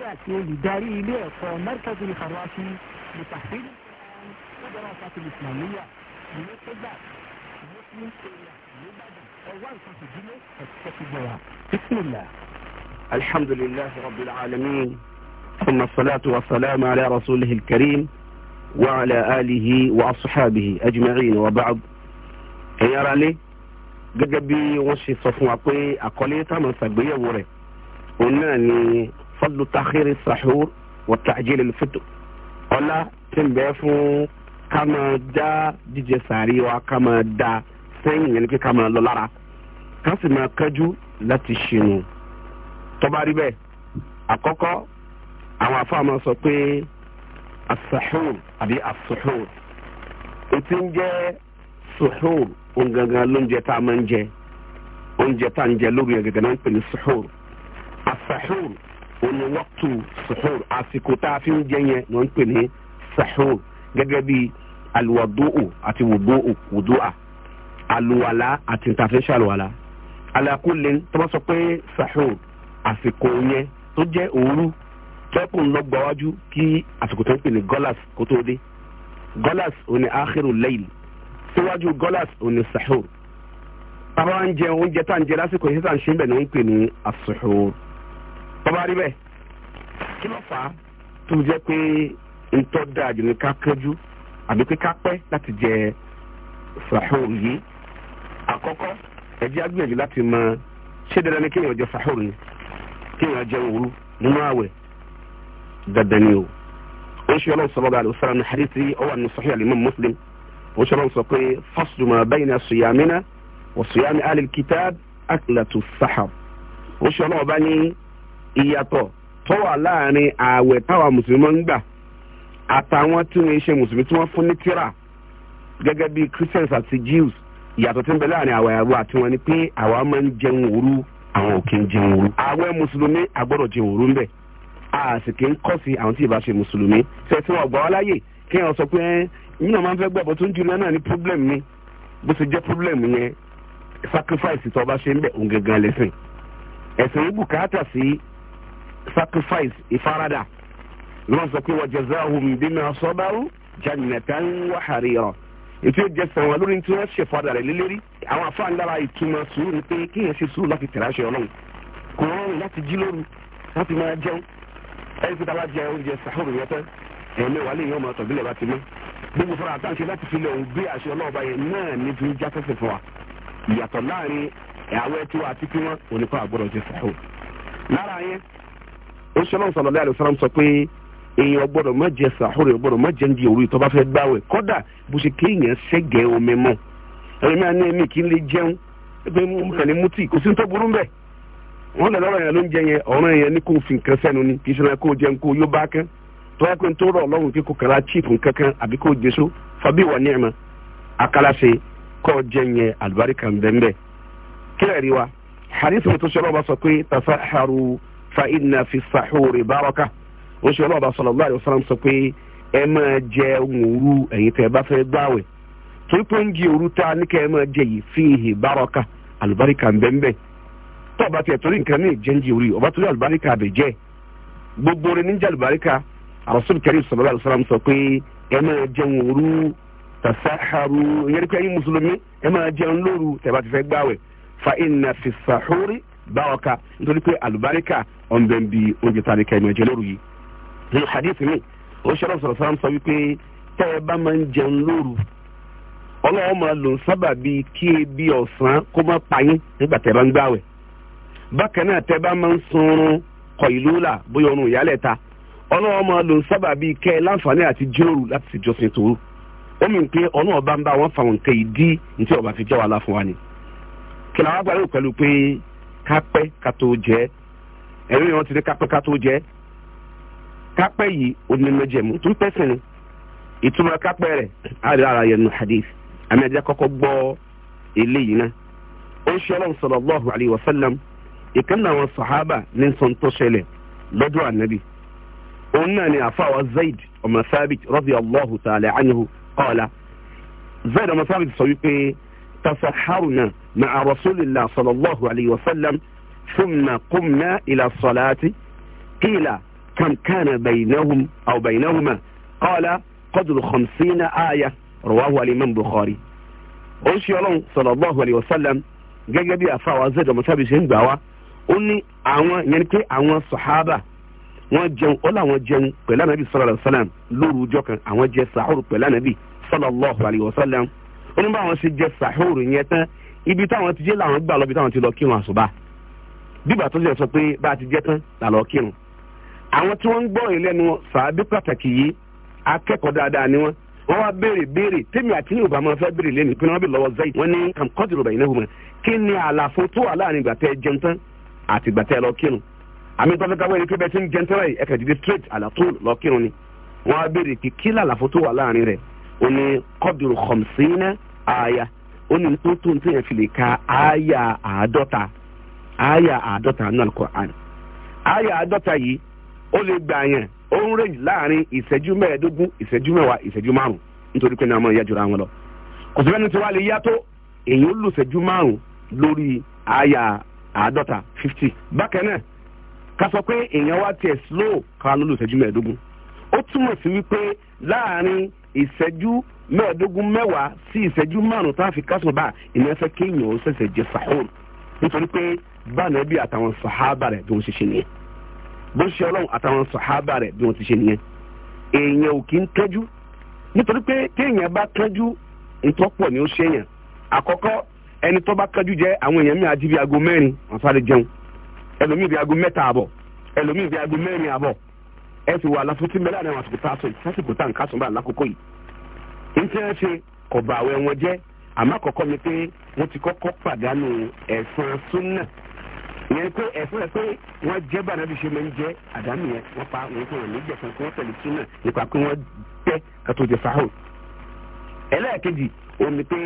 لإعطاء مركز الخراسي لتحصيل الإسلامية بسم الله الحمد لله رب العالمين ثم الصلاة والسلام على رسوله الكريم وعلى آله وأصحابه أجمعين وبعض ẹ̀yin ara قد بي وشي wọ́n ṣe sọ fún wa pé fadlu takhiri sahur wa ta'jil al-fitr ọlá tí ń bẹ fún ká máa dá jíjẹ sàárì wa ká máa dá sẹ́yìn yẹn kí ká máa lọ lára ká sì máa kájú láti ṣìnù tó bá rí bẹ́ẹ̀ asahur àbí asuhur ètí ń jẹ́ suhur ongangan lóúnjẹ tá a máa ń jẹ oúnjẹ tá a ń jẹ lórí ẹ̀gẹ̀gẹ̀ náà ń pè ní suhur asahur òní wọ́pù sahur àsìkò tá a fi ń jẹ yẹn ló ń pè ní sahur gẹ́gẹ́ bí aluwado'u àti wudo'u wudo'a aluwala àti ntàfẹ́sọ aluwala alakulè tó bá sọ pé sahur àsìkò yẹn tó jẹ́ òru tẹ́kù ń lọ gbáwájú kí àsìkò tó ń pè ní golas kó tó dé golas òní akhiru layl síwájú golas òní sahur tábà ń jẹ oúnjẹ tá à ń jẹ lásìkò yìí tá à ń ṣe bẹ̀ ní bàbá rí bẹ́ẹ̀ kí ló fà á tó jẹ́ pé ètò dáa jù ní ká kẹ́jú àbí pé ká pẹ́ láti jẹ sàhóòrù yìí àkọ́kọ́ ẹ̀jẹ̀ agbẹ̀yẹ̀jú láti mọ ṣé dandan ni kéèyàn jẹ sàhóòrù ni kéèyàn jẹ òru nínú àwẹ̀ dandan ni o ó ṣe ọlọ́run sọ̀rọ̀ báyìí ọ̀sán ní hadithi ọwọ́ àmì sọ̀hí alimam muslim ó ṣe ọlọ́run sọ pé faslu ma bayna siyamina wa siyami alil kitab aklatu sahar ó ṣe ọlọ́run bá ní ìyàtọ̀ tó wà láàrin ààwẹ̀ táwa mùsùlùmí ń gbà àtàwọn tí wọ́n ṣe mùsùlùmí tí wọ́n fún ní tíra gẹ́gẹ́ bí christians àti jews ìyàtọ̀ tí ń bẹ láàrin àwa àwa àti wọn ni pé àwa máa ń jẹun òru àwọn ò kí ń jẹun òru àwẹ̀ mùsùlùmí àgbọ́dọ̀ jẹun òru ńbẹ̀ a sì kì í kọ́ sí àwọn tí ì ṣe mùsùlùmí sẹ́sì wọn gbà kí wọ́n sọ pé yín máa ń fẹ́ gbàgbọ́ tó sacrifice tó o bá ṣe ń bẹ̀ sacrifice ìfaradà lọ́n sọ pé wa jazahum bima sabaru jannatan wa harira ètò ìjẹ sàn wọn lórí tí wọ́n ṣe fada rẹ̀ lélẹ́rí àwọn afáàn lára ìtumọ̀ sùúrù ni pé kéèyàn ṣe sùúrù láti tẹ̀lé aṣọ ọlọ́run kò rọrùn láti jí lóru láti máa jẹun ẹni tí táwa jẹ oúnjẹ sàhóòrò yẹn tán ẹ̀mí wà lẹ́yìn ọmọ ọ̀tọ̀bílẹ̀ bá ti mọ́ gbogbo fara àtàǹṣe láti fi lè òun gbé aṣọ ọlọ́ọ̀bá yẹn náà ní fi já sẹ́sẹ̀ fún wa ìyàtọ̀ láàrin àwẹ̀ tiwa àti tiwọn onípa àgbọ̀dọ̀ ṣe sàhóòrò lára yẹn oṣooṣan sọlọlẹ alẹsàlám sọ pé èèyàn gbọ́dọ̀ má jẹ sàhóre gbọ́dọ̀ má jẹ ndí òru tó bá fẹ́ gbààwẹ̀ kódà bó ṣe kéèyàn sẹgẹ omi mọ ẹlòmíà ní ẹmí kí n lè jẹun pé mo kàn lè mutí kò sí ní tó burú mbẹ wọn lè lọrọ yẹn ló ń jẹ yẹn ọ̀ràn yẹn ní kò fi nǹkan sẹ́nu ni kì í ṣe kó jẹun kó yó bá kán tó yẹ kó Ọlọ́run kí kò kàrà chíìpù kankan àbí kò jẹ yẹn fa inna fi sahuri baraka ó ṣe ọlọ́ọ̀bá sallallahu alaihi wasallam sọ pé ẹ máa jẹ ohun òru ẹ̀yin tẹ́ ẹ bá fẹ́ gbààwẹ̀ torí pé oúnjẹ òru ta ní kẹ́ ẹ máa jẹ yìí fihi baraka àlùbáríkà ń bẹ́ẹ̀ bẹ́ẹ̀ tó ọba tiẹ̀ torí nǹkan míì jẹ́ǹjì òru ọba torí àlùbáríkà àbẹ̀ jẹ́ gbogbo rẹ̀ níjà àlùbáríkà Rasul karim sallallahu alaihi wasallam sọ bá ọkà nítorí pé alubarika ọ̀nbẹ̀ ń bi oúnjẹ tá a ní kẹ́mi ẹ̀jẹ̀ lóru yìí nínú hadith mi ó ṣẹlẹ̀ sọ̀rọ̀ sáà sọ wípé tẹ́ ẹ bá máa ń jẹun lóru ọlọ́wọ́ máa lò sábà bíi kí ebi ọ̀sán kó má bá ń gbáwẹ̀ bákan náà bá máa ń sunrun kọ ìlú là bóyá ìyálẹ̀ ta ọlọ́wọ́ máa lò sábà ẹ láǹfààní àti jíròrò láti sì tòru fa ìdí ní tí ọba fi jẹ́ wàhálà fún wa ni kìlà wá gbàlérò pẹ̀lú pé kápẹ́ ká tó jẹ́ ẹ̀rí ìrántí ní kápẹ́ ká tó jẹ́ kápẹ́ yìí ó ní mẹ́jẹ̀mú tó ń pẹ́sìn ni ìtumọ̀ kápẹ́ rẹ̀ á rí ara yẹn nù hadith àmì ẹ̀jẹ̀ kọ́kọ́ gbọ́ eléyìí náà ó ń ṣe ọlọ́run sallallahu alayhi wa sallam ìkànnì àwọn sàhábà ní sọ tó ṣẹlẹ̀ lọ́dọ̀ ànábì òun náà ni àfàwà zayd ọmọ sábìt radiyallahu ta'ala anhu qala zayd ọmọ sábìt sọ wípé تسحرنا مع رسول الله صلى الله عليه وسلم ثم قمنا إلى الصلاة قيل كم كان بينهم أو بينهما قال قدر خمسين آية رواه الإمام بخاري oṣù ọlọ́run sallallahu alayhi wa sallam gẹ́gẹ́ bí afa wa zẹ́dọ̀ mọ́tàbí ṣe ń gbà wá ó ní àwọn yẹn ni pé àwọn sàhábà wọ́n jẹun ó láwọn jẹun pẹ̀lú ànábì sallallahu alayhi wa sallam lóru ọjọ́ kan àwọn jẹ sàárù pẹ̀lú ànábì sallallahu alayhi wa sallam ó ní báwọn ṣe jẹ sàhóòrò yẹn tán ibi táwọn ti jẹ làwọn gbà lọ bí táwọn ti lọ kírun àṣùbà bíbà tó ṣe sọ pé bá a ti jẹ tán là lọ kírun àwọn tí wọ́n ń gbọ́ ìlẹ́nu sàábí pàtàkì yìí akẹ́kọ̀ọ́ dáadáa ni wọ́n wọ́n wá béèrè béèrè tèmi àti yorùbá máa fẹ́ béèrè lẹ́nu pé wọ́n bẹ lọ́wọ́ zayi wọ́n ní kàmkọ́tì yorùbá náà wọ́n kí ni àlàfo tó wà láàrin ìgbà tẹ́ jẹun tán àti ìgbà tẹ́ àmì tọ́fẹ́ káwé pé bẹ́ẹ̀ ti ń jẹun tán ẹ̀ka dídé straight àlàfo lọ ni wọ́n wá béèrè kí kí làlàfo tó wà láàrin rẹ̀ ó ní kọ́dùrù kọ̀msínà aya ó ní tó tó nítorí ka aya àádọ́ta aya àádọ́ta nínú alukur'an aya àádọ́ta yìí ó lè gbà yẹn ń rèjì láàrin ìṣẹ́jú mẹ́ẹ̀ẹ́dógún ìṣẹ́jú mẹ́wàá ìṣẹ́jú nítorí pé ní ya jura wọn lọ kò sí tí wàá èyí ó lórí aya fifty mẹ́ẹ̀ẹ́dógún mẹ́wàá sí ìṣẹ́jú márùn-ún tá a fi kásùn bá ìyẹn fẹ́ kéèyàn ó ṣẹ̀ṣẹ̀ jẹ sàhóòrù nítorí pé báàná bí àtàwọn sàhábà rẹ̀ bí wọ́n ṣe ṣe nìyẹn bó ṣe ọlọ́run àtàwọn sàhábà rẹ̀ bí wọ́n ti ṣe nìyẹn èèyàn ò kí ń tẹ́jú nítorí pé téèyàn bá tẹ́jú ni ó ṣe àkọ́kọ́ ẹni tó bá tẹ́jú jẹ́ àwọn jẹun ntí wọn ṣe kò bá àwẹ̀ wọn jẹ́ àmọ́ àkọ́kọ́ mi pé wọ́n ti kọ́kọ́ pàdánù ẹ̀sán súnà yẹn pé ẹ̀sán ẹ̀ pé wọ́n jẹ́ bàdàbí ṣe máa ń jẹ́ àdánù yẹn wọ́n pa wọ́n kò ní jẹ̀sán kí wọ́n tẹ̀lé súnà nípa pé wọ́n tẹ́ kátó jẹ sáhùn. ẹlẹ́ẹ̀kejì òun ni pé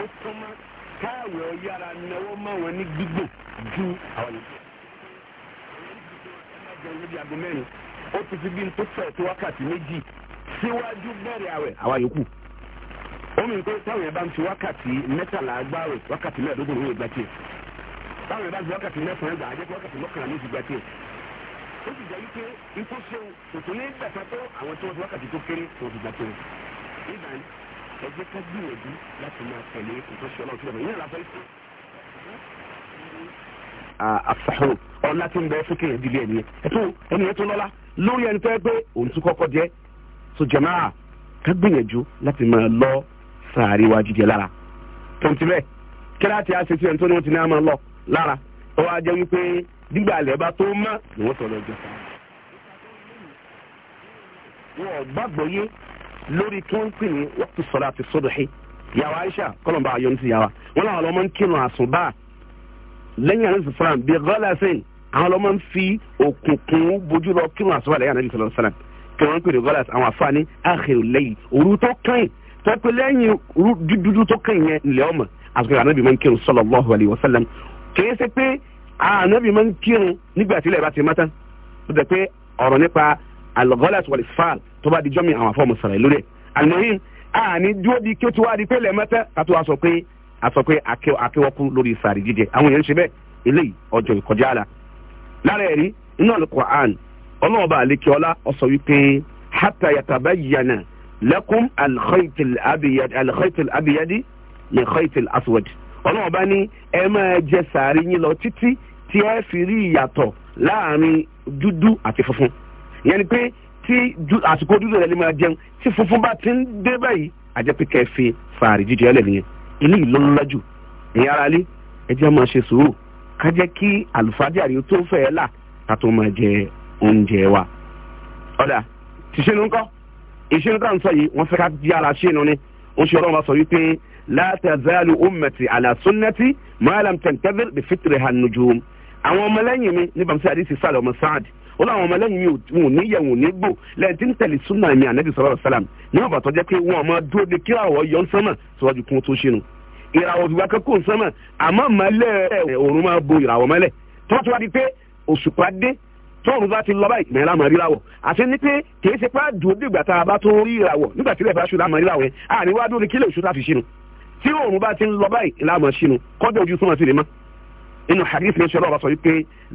ó súnmọ́ káàwé yára náwó mọ́ wọn ní gbígbòn ju àwọn ìṣẹ́ jẹun níbi aago mẹ́rin ó ti fi bí n tó fẹ̀ tó wákàtí méjì síwájú bẹ̀rẹ̀ àwẹ̀ àwa yòókù ó mi pé táwọn yẹn bá ń fi wákàtí mẹ́tàlá gbáwò wákàtí mẹ́ẹ̀ẹ́dógún ìwé ìgbà tiẹ̀ táwọn yẹn bá ń fi wákàtí mẹ́sàn-án gbà á jẹ́ pé wákàtí mọ́kànlá ní ìgbà tiẹ̀ ó sì jẹ́ wípé ikú ṣeun kòtò ní gbàtà tó àwọn tí wọ́n fi wákàtí tó kéré tó fi gbà tiẹ̀ nígbà yìí ẹ jẹ́ ká gbìyànjú láti máa tẹ̀lé ìtọ́sí ọlọ́run sílẹ̀ yẹn lásán ìfẹ́. àfàhùn ọlá tí ń bẹ fún kéèyàn ìdílé ẹni ẹ tó ẹni ẹ tó lọ́lá lórí ẹni tó ẹ pé òun tún kọ́kọ́ jẹ́ so jẹ̀máà ká gbìyànjú láti máa lọ sàárè wa jíjẹ lára tonti bẹ́ẹ̀ kíláàtì àṣetì ẹni tó ní wọ́n ti ní àmọ́ lọ lára ó wá jẹ́ wípé dígbà àlẹ́ bá tó mọ́ ni wọ́n sọ̀rọ̀ ọjọ́ sàárè. wọ́n gbàgbọ́ yé lórí kí wọ́n pè ní wọ́pù sọ̀rọ̀ àti sọ̀dọ̀hí yàwá Aisha kọ́lọ̀mbà ayọ́ ní ti yàwá wọn làwọn ọlọ́mọ ń kírun àsùnbà lẹ́yìn àrùn sàfran bíi gọ́lẹ́sìn àwọn ọlọ́mọ ń fi òkùnkùn bójú lọ kírun àsùnbà lẹ́yìn àrùn sàfran kí wọ́n pè ní gọ́lẹ́sìn àwọn àfáàní àhẹ̀rẹ̀ lẹ́yìn òru tó kàn tọ́pẹ́ lẹ́yìn dúdú tó kàn yẹn ńlẹ̀ ọmọ àti ànábì máa ń kírun sallallahu alaihi wasallam kìí ṣe pé ànábì máa ń kírun nígbà tí ilẹ̀ bá ti mọ́ tán tó dẹ̀ pé ọ̀rọ̀ nípa al-ghalas wal-isfal tó bá di jọ́mi àwọn afọ́mọ̀ sọ̀rọ̀ lórí ẹ̀ àlùmọ́yìn àní dúró di kí ó ti wá di pé ilẹ̀ mọ́tẹ́ kátó wa sọ pé a sọ pé akéwọ́kú lórí sàrì jíjẹ àwọn èèyàn ń ṣe bẹ́ẹ̀ eléyìí ọjọ́ ìkọjá àlà lára ẹ̀rí inú al-Qur'an ọlọ́ọ̀bà àlekè ọlá ó sọ wípé hatta yatabayyana lakum alkhaitil abiyadi alkhaitil abiyadi ni khaitil aswad ọlọ́run bá ní ẹ máa jẹ sàárì yín lọ títí tí ẹ fi rí ìyàtọ̀ láàrin dúdú àti funfun ìyẹn ni pé tí àsìkò dúdú rẹ lè máa jẹun tí funfun bá ti ń dé báyìí àjẹpẹ́kẹ́ fi fàárì jíjẹ ẹ lẹ̀ nìyẹn ilé ìlọ́lọ́lájú ẹ̀yin ara lé ẹ máa ṣe sùúrù ká jẹ́ kí àlùfáàjàrí tó fẹ́ là ká tó máa jẹ oúnjẹ wa ọ̀dà tìṣe ló ń kọ́ ìṣe tá à ń sọ yìí wọ́n fẹ́ ká di ara ṣe ni ó ṣe ọlọ́run bá sọ wípé la tazalu ummati ala sunnati ma lam tantazir bi fitriha nujum àwọn ọmọlẹ́yìn mi ní bàmísí àdìsí sálẹ̀ ọmọ sáàd ó láwọn ọmọlẹ́yìn mi wọn ò ní yẹ̀ wọn ò ní gbò lẹ́yìn tí ń tẹ̀lé súnà mi ànábì sọ̀rọ̀ sálàm ní ọ̀bà tó jẹ́ pé wọn ọmọ dúró de kí àwọ̀ yọ nsánmà síwájú kún tó ṣe nu ìràwọ̀ òfìwà kankan nsánmà àmọ́ mọ́lẹ̀ òrùn máa bo ìràwọ̀ mọ́lẹ̀ tó tún wá di pé òṣùpá dé tóòrùn bá ti lọ báyìí mẹ́rin lámọ̀ ríráwọ̀ àti ní pé kì í ṣe pé àdùn dìgbà tá a bá tó rí ìràwọ̀ nígbà tí ilẹ̀ bá ṣù lámọ̀ ríráwọ̀ yẹn àní wá dúró ní kílẹ̀ oṣù láti ṣínú tí òòrùn bá ti ń lọ báyìí lámọ̀ ṣínú kọ́dọ̀ ojú súnmọ́ sí ni mọ́ inú hadith ní ṣọlọ́ ọba sọ wípé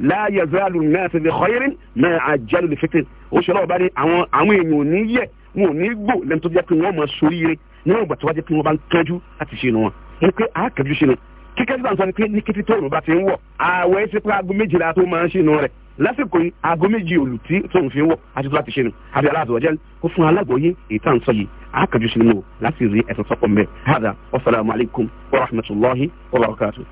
la yazalu an-nasu bi khairin ma ajjalu al-fitr ó ṣọlọ́ ọba ní àwọn àwọn èèyàn ò ní yẹ wọn ò ní gbò lẹ́nu tó jẹ́ pé wọ́n mọ̀ sóríire níwọ̀n ìgbà tó wá jẹ́ pé wọ́n bá ń kánjú láti ṣe nu wọn ní pé àákẹ́jú ṣe nu kíkẹ́ gbà sọ ni pé ní kété tó òrùba ti ń wọ̀ ààwẹ̀ ti pé aago méjìlá tó máa ń ṣìnú rẹ̀ lásìkò yìí aago méjì òlù tí tóun fi wọ̀ àti tó láti ṣe nù àbí aláàbọ̀jẹ́ ó fún alágbọ̀yé ìtàn sọ yìí àákàjú sínú o láti rí ẹ̀sán sọ́kọ̀ mẹ́ hàdà wasalaamu alaykum wa rahmatulahi wa barakatu.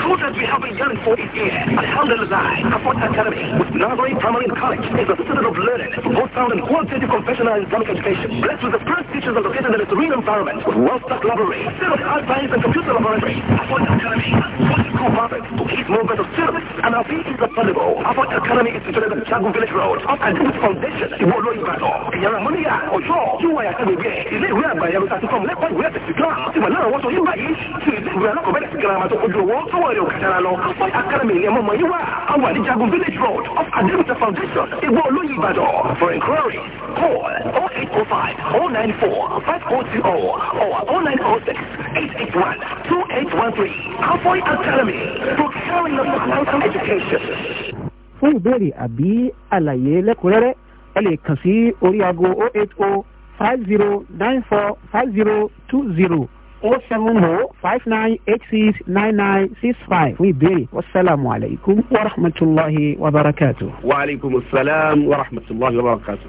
Quoted we have begun for this year, Alhamdulillah, Afford Academy, with Nazari Primary College, is a center of learning for both sound and qualitative confessional Islamic education, blessed with the first teachers of the. in its real environment with well-stocked library, service archives and computer laboratory. Academy has co-partners to keep movement of and our feet is available. Academy is situated on Chagu Village Road, up and its foundation, are Ibadan. Ìyàrá-mọ́níyà, ọ̀ṣọ́, yíwa yàtọ̀ gbogbo ẹ̀, ilé ìwé àgbà ìyàwó ìtàkùn fún lẹ́kọ̀ọ́ ìwé ẹ̀sìn síkà, ti wà lára wọ́n sọ yín báyìí, ti ilé ìwé alákọ̀ọ́bẹ̀rẹ̀ sí girama tó kojú owó tó wọ̀nyẹ̀ òkàtàrà lọ. Afford Academy ni ọmọ yíwa, àwọn àdìjagun Village Road, off Adébùtà Foundation, Iwolo Ibadan. For inquiry, call 0805 094 020 or 0906 881 2813. Cowboy Academy for caring of Muslim education. Fún ìbéèrè àbí àlàyé lẹ́kùnrẹ́rẹ́, ẹ lè kàn sí orí aago 080 50 94 50 20 07059869965 fún ìbéèrè wasalaamu alaykum wa rahmatulahi wa barakatu. wa alaykum salaam wa rahmatulahi wa barakatu.